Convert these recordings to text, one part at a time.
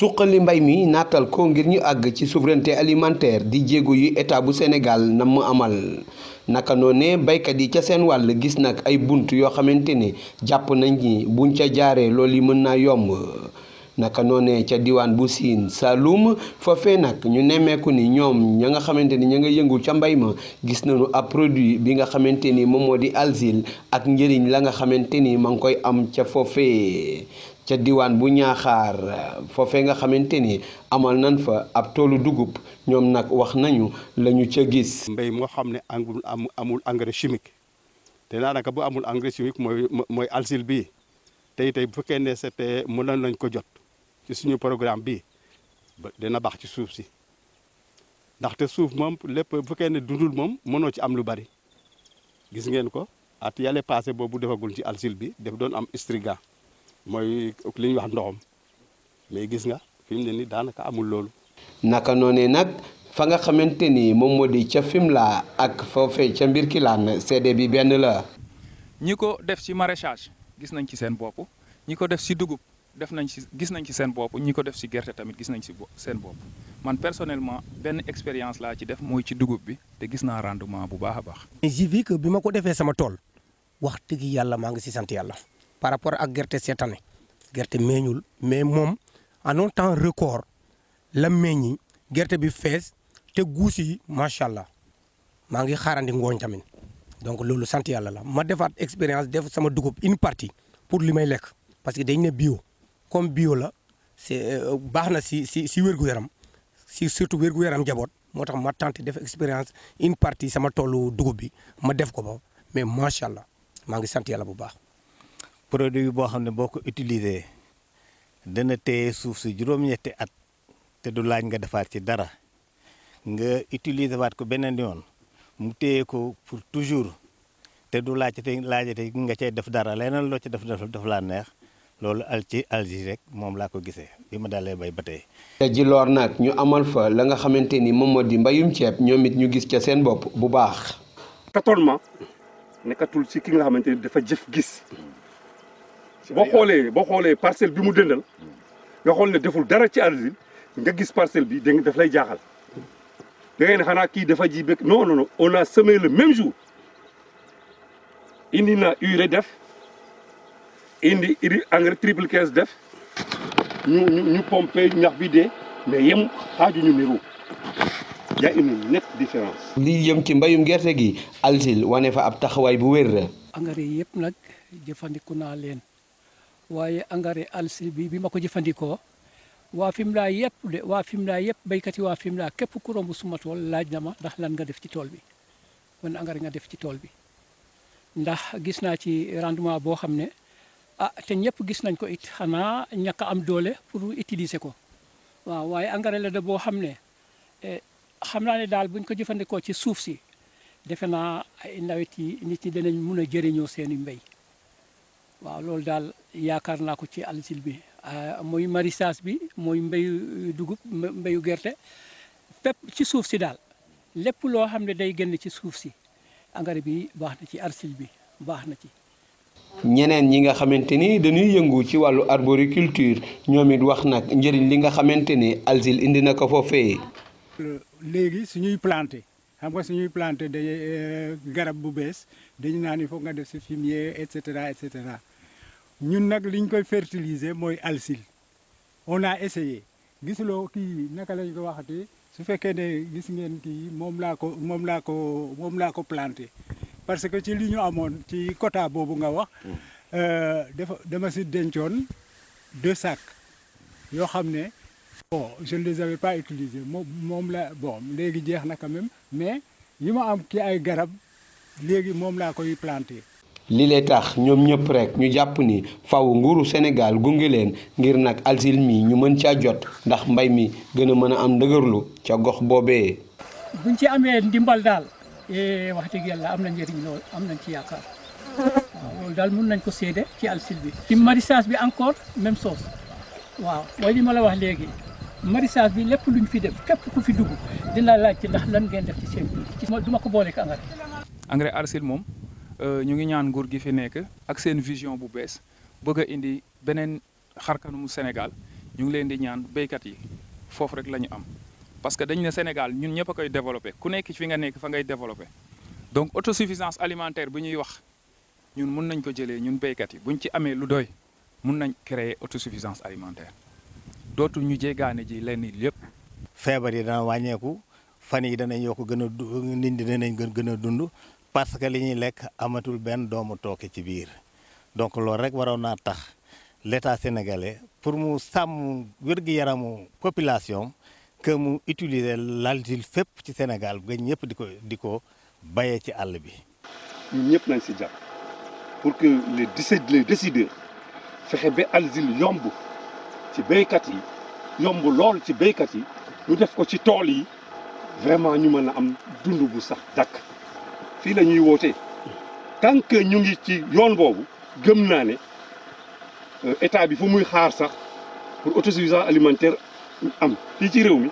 suqali mbay mi naatal ko ngir ñu àgg ci souveraineté alimentaire di jéego yu état bu Sénégal na mu amal naka noonee baykat yi ca seen wàll gis nag ay bunt yoo xamante ni jàpp nañ ni buñ ca jaaree lool yi mën naa yomb naka noonee ca diwaan bu siin sa Saloum foofee nag ñu nemmeeku ni ñoom ña nga xamante ni ña nga yëngu ca mbay ma gis nañu ab produit bi nga xamante ni moom moo di alsil ak njëriñ la nga xamante ni ma ngi koy am ca foofee ca diwaan bu ñaaxaar foofee nga xamante ni amal nan fa ab toolu dugub ñoom nag wax nañu lañu ñu ca gis. mbéy moo xam ne amul amul engrais chimique te daanaka bu amul engrais chimique mooy mooy alsil bii tey tey bu fekkee ne c'était mënoon nañ ko jot ci suñu programme bii dina baax ci suuf si ndaxte suuf moom lépp bu fekkee ne dundul moom mënoo ci am lu bari gis ngeen ko at yàlla passé boobu defagul ci alsil bi def doon am striga mooy li ñuy wax ndoxam mais gis nga fi mu ne nii daanaka amul loolu. naka noonee nag fa nga xamante ni moom moo di ca fim laa ak foofee ca Birkilane seede bi benn la. ñi ko def ci maraîchage gis nañ ci seen bopp ñi ko def ci dugub def nañ ci gis nañ ci seen bopp ñi ko def ci gerte tamit gis nañ ci seen bopp man personnellement benn expérience laa ci def mooy ci dugub bi te gis naa rendement bu baax a baax. mais j'ai bi ma ko defee sama tool wax dëgg yàlla maa ngi ci sant yàlla. par rapport à gerte cette année gerte meeñul mais mom en un temps record la meñi gerte bi fess te guus machallah macha allah maa ngi xaarandi ngooñ tamit donc lolu sante yalla la ma defat expérience def sama dugub une partie pour limay lek parce que dañ ne bio comme bio la c'est euh, baax si si si yaram si surtout wér yaram jabot motax ma tenté def expérience une partie sama tolu dugub bi ma def ko ba mais machallah mangi ngi bu baax. produit boo xam ne boo ko utilisé dana téye suuf si juróom-ñetti at te du laaj nga defaat ci dara nga utiliser waat ko beneen yoon mu téye ko pour toujours te du laaj te laajte laajate nga cay def dara leneen loo ci def daf laa neex loolu al ci algi rek moom laa ko gisee bi ma dalee bay ba tey. te ji loor nag ñu amal fa la nga xamante ni moom moo di mbayum ceeb ñoom it ñu gis ca seen bopp bu baax. tâtonnement nekkatul ci ki nga xamante dafa jëf gis. ba xoolee boo xoolee parcelle bi mu dëndal nga xool ne deful dara ci argile nga gis parcelle bi dégg daf lay jaaxal da ngay xanaa kii dafa ji bëgg non non non on a le même jour indi na urée def indi engrais triple quinze def ñu ñu ñu ñax bi dee mais yem xaaju ñu niru y a une nette différence. lii yëm ci mbayum gerte gi alsil wane fa ab taxawaay bu wér. engrais yëpp nag jëfandiku naa leen. waaye engrais alsi bi bi ma ko jëfandikoo waa Fimela yëpp de waa Fimela yëpp béykat yi waa Fimela képp ku romb suma tool laaj na ma ndax lan nga def ci tool bi wan engrais nga def ci tool bi ndax gis naa ci rendement boo xam ne ah te ñëpp gis nañ ko it xanaa ñàkk am doole pour utiliser ko waaw waaye engrais la de boo xam ne eh, xam naa ne daal buñ ko jëfandikoo ci suuf si defe naa ay nawet yi nit ñi danañ mun a jëriñoo seeni mbéy waaw loolu daal yaakaar naa ko ci ANACIM bi ah, mooy maraîchage bi mooy mbéyu dugub mbéyu gerte fépp ci suuf si daal lépp loo xam ne day génn ci suuf si engrais bi baax na ci ANACIM bi baax na ci. ñeneen ñi nga xamante ni dañuy yëngu ci wàllu culture ñoom it wax nag njëriñ li nga xamante ni ANACIM indi na ko foofee. léegi suñuy planté xam nga suñuy planté day eh, garab bu bees dañu naan il faut nga def si fumier et cetera et cetera. ñun nag liñ koy fertiliser mooy alsil on a essayé gisuloo kii naka lañ ko waxatee su fekkee ne gis ngeen kii moom laa ko moom laa ko moom laa ko planté parce que ci li ñu amoon ci quota boobu nga wax mm. euh, dafa dama si dencoon deux sacs yoo xam bon je ne les avais pas utilisés moom la bon léegi jeex na quand même mais yi ma am ci ay garab léegi moom laa koy planté li lay tax ñoom ñëpp rek ñu jàpp ni faw nguuru Sénégal gunge leen ngir nag alsil mi ñu mën caa jot ndax mbay mi gën a mën a am ndëgërlu ca gox boobee. buñ ci amee ndimbal daal eh, wax dëgg yàlla am na njëriñ lool am nañ ci yaakaar waaw loolu daal mun nañ ko séede ci alsil bi. ci maraîchage bi encore même chose waaw mooy li ma wax léegi maraîchage bi lépp luñ fi def képp ku fi dugg dina laaj ndax lan ngeen def ci seen dugub. duma ko booleeg engrais. engrais alsil moom. Euh, ñu ngi ñaan nguur gi fi nekk ak seen vision bu bees bëgg a indi beneen xarkanumu Sénégal ñu ngi leen di ñaan béykat yi foofu rek la ñu am parce que dañ ne Sénégal ñun ñëpp koy développé ku nekk fi nga nekk fa ngay développé donc autosuffisance alimentaire bu ñuy wax ñun mun nañ ko jëlee ñun béykat yi buñ ci amee lu doy mun nañ créer autosuffisance alimentaire dootul ñu jéggaane ji lenn lépp. feebar yi dana wàññeeku fan yi danañ yokk gën a nit ñi danañ gën a dund. parce que li ñuy lekk amatul benn doomu tooke ci biir donc loolu rek waroon naa tax l'État sénégalais pour mu sàmm wér yaramu population que mu utiliser l'algile fépp ci Sénégal ba ñëpp di ko di ko bayee ci àll bi. ñun ñëpp nañ si jàpp pour que les décide les décideurs fexe ba algile yomb ci béykat yi yomb lool ci béykat yi ñu def ko ci tool yi vraiment ñu mën a am dund bu sax dàkk fi lañuy ñuy tant que ñu ngi ci yoon boobu gëm naa ne euh, état bi fu muy xaar sax pour autosuffisance alimentaire am fii ci réew mi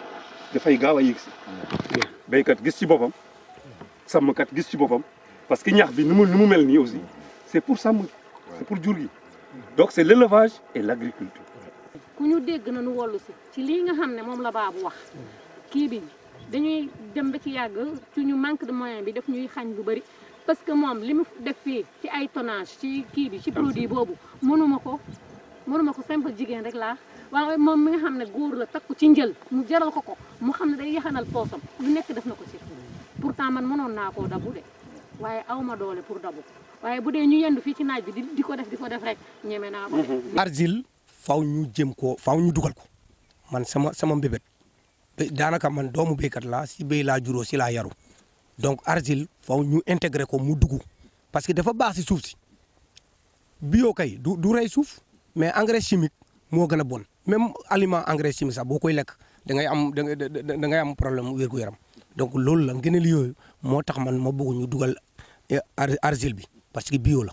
dafay gaaw a yëg si béykat gis ci boppam sàmmkat gis ci boppam parce que ñax bi ni mu ni mu mel nii aussi c'est pour sàmm c'est pour jur gi donc c'est l'élevage et l'agriculture ku ñu dégg nañu wollu si ci lii nga xam ne moom la baabu wax kii bi dañuy dem ba ci yàgg ci ñu manque de moyen bi daf ñuy xañ bu bëri parce que moom li ma def fii ci ay tonnage ci kii bi ci produit boobu mënuma ko mënuma ko simple jigéen rek laa waaye moom mi nga xam ne góor la ko ci njël mu jaral ko ko mu xam ne day yaxanal poosam lu nekk def na ko ci pourtant man mënoon naa ko dabu de waaye aw ma doole pour dabu waaye bu dee ñu yendu fii ci naaj bi di ko def di ko def rek ñeme naa ko de. argile faw ñu jëm koo faw ñu dugal ko man sama sama mbébét. daanaka man doomu béykat laa si bay laa juróo si laa yaru donc argile faw ñu intégré ko mu dugg parce que dafa baax si suuf si bio kay du du rey suuf mais engrais chimique moo gën a bon même aliment engrais chimique sax boo koy lekk da ngay am da ngay am problème wér-gu-yaram donc loolu la ngëneel yooyu moo tax man ma bëgg ñu dugal eh, argile bi parce que bio la.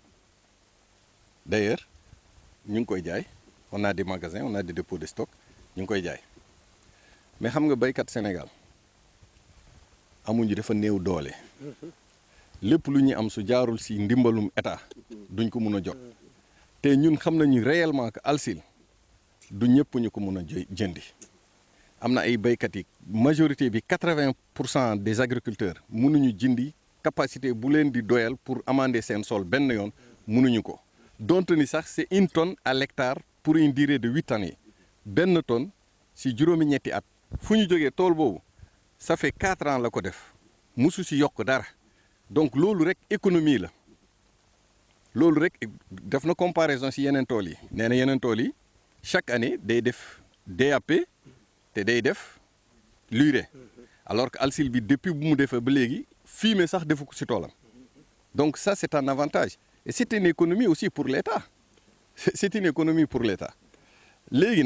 d'ailleurs ñu ngi koy jaay on a des magasins on a des dépôts de stock ñu ngi koy jaay mais xam nga béykat Sénégal amuñu dafa néew doole lépp lu am su jaarul si ndimbalum état duñ ko mëna a jot ñun xam nañu réellement que alsil du ñëpp ñu ko mun jëndi amna ay baykat yi majorité bi 80 des agriculteurs mënuñu jindi capacité bu leen di doyal pour amender sen sol ben yoon mënuñu ko dont ni sax c'est une tonne à l'hectare pour une durée de 8 années ben tonne si juromi ñetti at fu ñu ça fait 4 ans la ko def musu si yok dara donc lolu rek économie la lolu rek def na comparaison si yenen tool yi nee na chaque année day def DAP té day def l'urée alors que alsil bi depuis bu mu defee ba légui fumier sax defu ko si donc ça c'est un avantage et c'est une économie aussi pour l'État. C'est une économie pour l'État. Les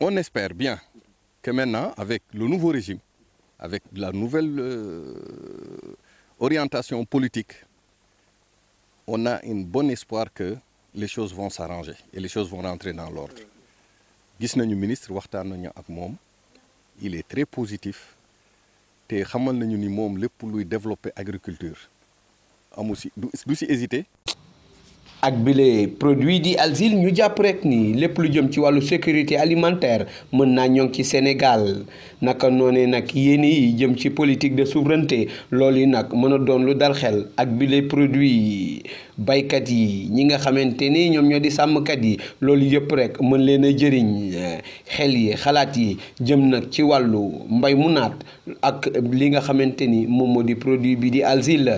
on espère bien que maintenant, avec le nouveau régime, avec la nouvelle euh, orientation politique, on a un bon espoir que les choses vont s'arranger et les choses vont rentrer dans l'ordre. gis ministre a il est très positif Il xamal nañu développer agriculture Il ak bile produit di alsil ñu jàpp rek nii lépp lu jëm ci wàllu sécurité alimentaire mën naa ñoŋ ci Sénégal naka noonee nag yéene yi jëm ci politique de souveraineté lool yi nag mën a doon lu dal xel ak bile produits baykat yi ñi nga xamante ni ñoom ñoo di sàmmkat yi loolu yëpp rek mën leen a jëriñ xel yi xalaat yi jëm nag ci wàllu mbay mu naat ak li nga xamante ni moom di produit bi di alsil